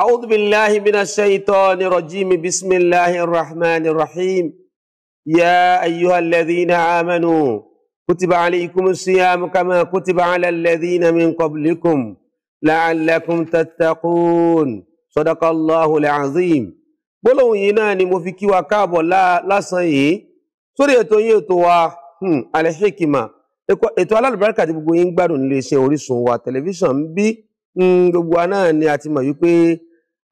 أعوذ بالله من الشيطان الرجيم بسم الله الرحمن الرحيم يا أيها الذين آمنوا كتب عليكم الصيام كما كتب على الذين من قبلكم لعلكم تتقون صدق الله العظيم gbólóhùn yìí náà ni mo fi kí wa káàbọ̀ lásán yìí sórí ètò yìí ètò wa hmm, Al-Hikmat ètò alálùbáríkà tí gbogbo yín ń gbádùn nílé iṣẹ́ Orísun wa tẹlifíṣàn ń bí Hmm, gbogbo wa náà ni a ti mọ̀ wípé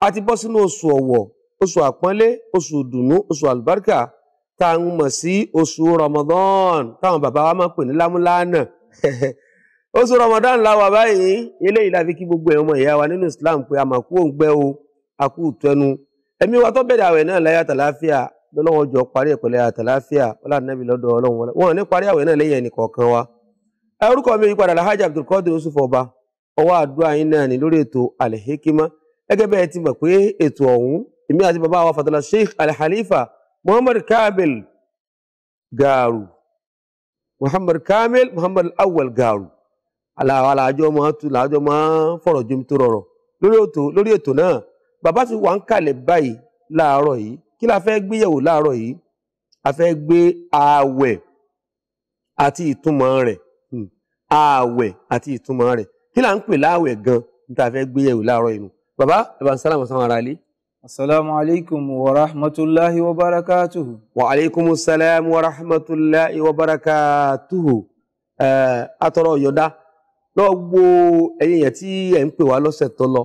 a ti bọ́ sínú oṣù ọ̀wọ̀ oṣù àpọ́nlé oṣù ìdùnnú oṣù àlùbáríkà tá a ń mọ̀ sí oṣù Ramadan táwọn bàbá wa máa pè ní lámúlánà oṣù Ramadan láwa báyìí eléyìí la fi kí gbogbo ìyá wa nínú Islam pé a kú òǹgbẹ́ o a kú ìtọ́nu ẹ̀mí wa tó bẹ̀rẹ̀ àwẹ̀ náà jọ parí lọ́dọ̀ ọwọ́ àdúrà yín náà ní lórí ètò alihikima gẹ́gẹ́ bẹ́ẹ̀ ti mọ̀ pé ètò ọ̀hún èmi àti bàbá wa fatala sheikh alihalifa muhammad kamil gaaru muhammad kamil muhammad awal gaaru aláwa làájọ máa tu làájọ máa fọ̀rọ̀ jomi tó rọrọ̀ lórí ètò lórí ètò náà bàbá ti wà ń kalẹ̀ báyìí láàárọ̀ yìí kí la fẹ́ gbéyẹ̀wò láàárọ̀ yìí a fẹ́ gbé ààwẹ̀ àti ìtumọ̀ rẹ̀ hmm. ààwẹ̀ àti ìtumọ̀ rẹ̀ kí là ń pè láàwẹ̀ gan níta fẹ́ gbé yẹ̀wò láàárọ̀ inú bàbá ẹ̀bà sálàmù sáwọn ará ilé. asalaamu alaykum wa rahmatulahi wa barakatuhu. wa alaykum salaam wa rahmatulahi wa barakatuhu. atọrọ yọ̀dá lọ́wọ́ gbogbo ẹ̀yin yẹn tí ẹ̀ ń pè wá lọ́sẹ̀ tó lọ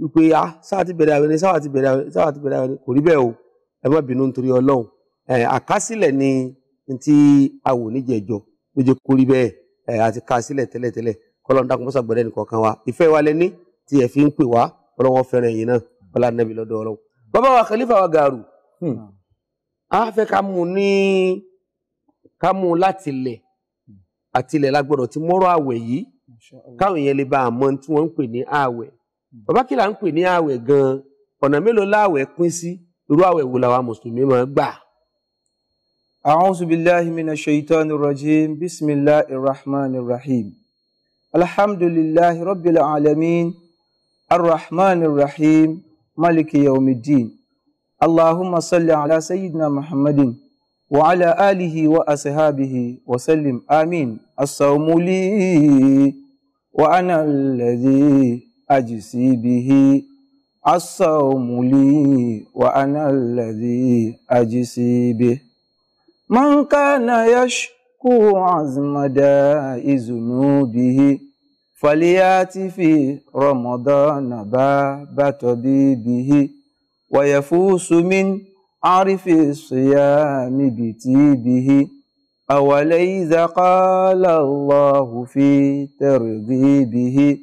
wípé ah sáà ti bẹ̀rẹ̀ àwẹ̀ sáà ti bẹ̀rẹ̀ àwẹ̀ sáà ti bẹ̀rẹ̀ àwẹ̀ kò rí bẹ́ẹ̀ o ẹ má bínú nítorí ọlọ́run àkásílẹ̀ ni ti awò níjẹ̀jọ ló jẹ́ kó rí àti kásílẹ̀ tẹ́lẹ̀tẹ́lẹ̀ kọ́lọ́n dákun mọ́sà gbọ́dẹ̀ nìkọ̀ọ̀kan wa ìfẹ́ wa lẹ ní tí fi ń pè wá ọlọ́wọ́n fẹ́ràn yìí náà ọlá nàbí lọ́dọ̀ ọlọ́wọ́. bàbá wa Khalifa wa Gàrú hmm. hmm. a fẹ́ ká mú ní ká mú láti lẹ̀ àtilẹ̀ lágbọ́dọ̀ ti mọ́rọ̀ àwẹ̀ yìí káwọn yẹn lè bá a mọ̀ tí wọ́n ń pè ní àwẹ̀ hmm. bàbá kí ń pè ní àwẹ̀ gan ọ̀nà mélòó láwẹ̀ pín sí irú àwẹ̀ wo làwa mùsùlùmí máa gbà. a'udhu billahi minash shaitanir rajim bismillahir rahmanir rahim. الحمد لله رب العالمين الرحمن الرحيم ملك يوم الدين اللهم صل على سيدنا محمد وعلى آله وأصحابه وسلم آمين الصوم لي وأنا الذي أجسي به الصوم لي وأنا الذي أجسي به من كان يشكو عزم داء ذنوبه فلياتي رمضان بابة طبيبه ويفوس من عرف الصيام بتيبه أولئذ قال الله في ترغيبه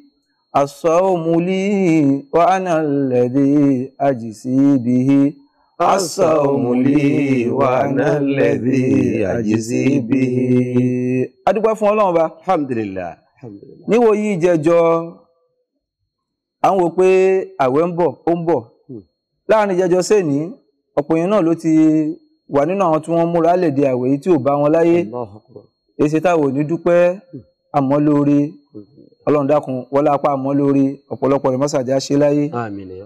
الصوم لي وأنا الذي أجسي به الصوم لي وأنا الذي أجسي به adúpẹ́ fún Ọlọ́run ba níwò yìí jẹjọ à ń wo pé àwẹ̀ ń bọ̀ ó ń bọ̀ hmm. láàrin jẹjọ sẹ́ni ọ̀pọ̀ èèyàn náà ló ti wà nínú àwọn tí wọ́n múra lè di àwẹ̀ yìí tí ò bá wọn láyé èsì táwọn ò ní dúpẹ́ àmọ́ hmm. lóore hmm. ọlọ́run dákun wọlé apá àmọ́ lórí ọ̀pọ̀lọpọ̀ rẹ̀ mọ́sàájá ṣe láyé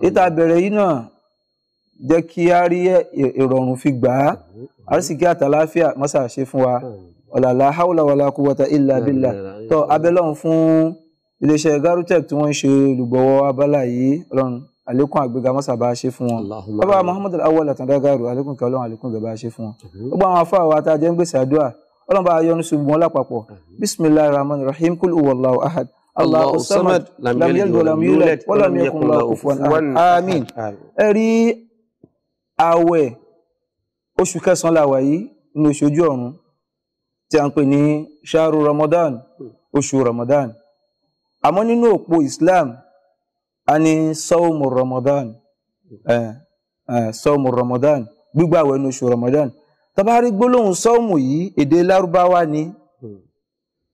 níta bẹ̀rẹ̀ yìí náà jẹ́ kí a rí ìrọ̀rùn fi gbà á àrísìkí àtàláfíà mọ́sàá ṣe fún wa ọ̀làlá haúlà wàlá quwwata illa billah tó abẹ́lọ́run fún iléeṣẹ́ garutech tí wọ́n ń ṣe olùgbọ́wọ́ abala yìí ọlọ́run àlékún àgbéga mọ́sàbá ṣe fún wọn bàbá muhammad awọ́lá tàdágàrú àlékún kí ọlọ́run àlékún gbẹ̀bá ṣe fún wọn gbogbo àwọn afọ àwọn atajẹ́ ń gbèsè àdúrà ọlọ́run bá yọ́nú sí wọn lápapọ̀ bismillahir rahmanir rahim kul huwallahu ahad Allah samad lam yalid walam yulad walam yakun lahu kufuwan àmín ẹ rí àwẹ̀ oṣù kẹsàn-án làwà yìí ní oṣoojú tí a ní ṣáàrù Ramadan hmm. oṣù Ramadan àmọ́ nínú òpó Islam a ní sọ́ọ̀mù Ramadan hmm. eh, eh, sọ́ọ̀mù Ramadan gbígbàwẹ̀ ní oṣù Ramadan tá bá rí gbólóhùn sọ́ọ̀mù yìí èdè lárúbáwá ni hmm.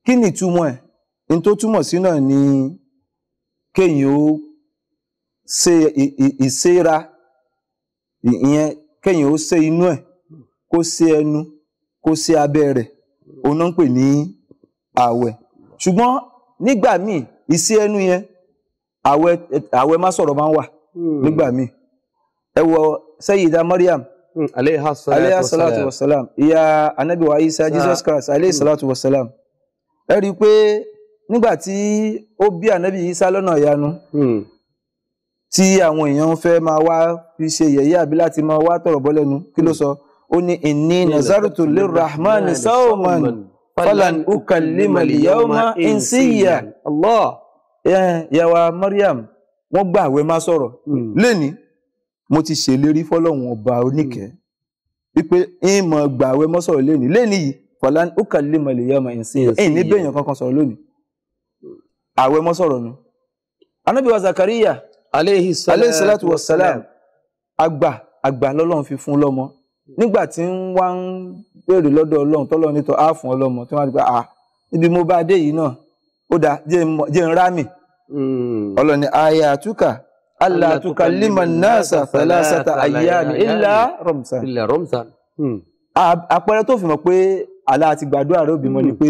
kí ni ìtumọ̀ ẹ̀ ní tó túmọ̀ sí náà ni kéèyàn ó ṣe ìṣera ìyẹn kéèyàn ó ṣe inú ẹ̀ kó ṣe ẹnu kó ṣe abẹ́ rẹ̀ òun náà ń pè ní ààwẹ̀ ṣùgbọ́n nígbà míì ìsí ẹnu yẹn ààwẹ̀ ààwẹ̀ má sọ̀rọ̀ máa ń wà hmm. nígbà míì ẹ wọ Sayyida Maryam hmm, aleyha salatu wa salam ìyá anabi wa Isa Jesus Christ aleyha hmm. salatu wa salam ẹ rí i pé nígbà tí ó bí anabi Isa lọ́nà ìyanu tí àwọn èèyàn fẹ́ máa wá fi ṣe yẹ̀yẹ́ àbí láti máa wá tọ̀rọ̀ bọ́lẹ́nu kí ló sọ. So? ó ní inni nazartu lirrahman sawman falan ukallima al-yawma insiya allah yàwá maryam wọ́n gbà àwẹ̀ má sọ̀rọ̀ hmm. lẹ́ni mo ti ṣèlérí fọ́lọ́run ọba oníkẹ́ hmm. wípé ń mọ̀ gbà àwẹ̀ má sọ̀rọ̀ lẹ́ni lẹ́ni yìí falan ukallima al-yawma insiya ẹ̀ ní bẹ́ẹ̀ yẹn kankan sọ̀rọ̀ lónìí àwẹ̀ má sọ̀rọ̀ nu anabi zakariya aleyhi salatu wa salam àgbà àgbà lọ́lọ́run fi fún lọ́mọ nígbà tí ń wá ń béèrè lọ́dọ̀ ọlọ́run tọ́lọ́ nítọ́ á fún ọlọ́mọ tí wọ́n á ti gba à níbi mo bá dé yìí náà ó dáa jẹ́ ń rá hmm. ọlọ́run ni aya àtúkà allah àtúkà lima nasa thalasata ayyami illa romsa. illa romsa. Hmm. àpẹẹrẹ tó fi mọ̀ pé àlá àti gbàdúrà rẹ̀ òbí mọ́ ni hmm. pé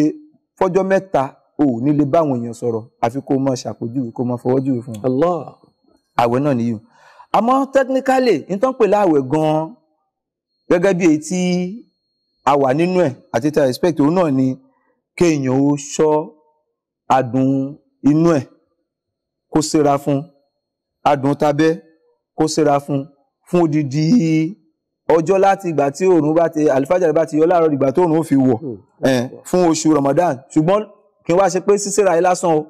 fọ́jọ́ mẹ́ta ò ní lè báwọn èèyàn sọ̀rọ̀ àfi kó mọ̀ ṣàpèjúwe kó mọ̀ fọwọ́júwe fún wọn. àwẹ̀ náà nìyí àmọ́ technically n tó ń pè láàwẹ̀ gan-an gẹ́gẹ́ bí èyí tí a wà nínú ẹ̀ àti tá a expect òun náà ni kéèyàn ó ṣọ́ adùn inú ẹ̀ kó séra fún adùn tabẹ́ kó séra fún fún odidi ọjọ́ láti ìgbà tí oòrùn bá ti àlìfájà bá ti yọ láàárọ̀ ìgbà tí oòrùn ó fi wọ̀ hmm. fún oṣù Ramadan ṣùgbọ́n kí n wá ṣe pé sísèrà yìí lásán o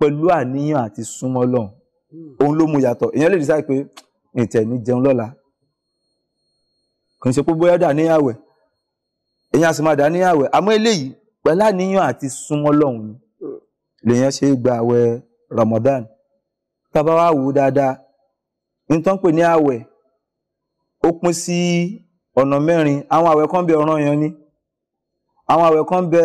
pẹ̀lú àníyàn àti súnmọ́ lọ́hùn hmm. òun ló mú yàtọ̀ ìyẹn lè dísáì pé ìtẹ̀ ní jẹun lọ́la kì í ṣe pé bóyá dà ní àwẹ̀ èyàn á sì máa dà ní àwẹ̀ àmọ́ eléyìí pẹ̀lú àníyàn àti súnmọ́ lọ́hùn lèyàn ṣe gba àwẹ̀ Ramadan tábà wá wò dáadáa nítorí pé ní àwẹ̀ ó pín sí ọ̀nà mẹ́rin àwọn àwẹ̀ kan bẹ ọ̀ranyàn ni àwọn àwẹ̀ kan bẹ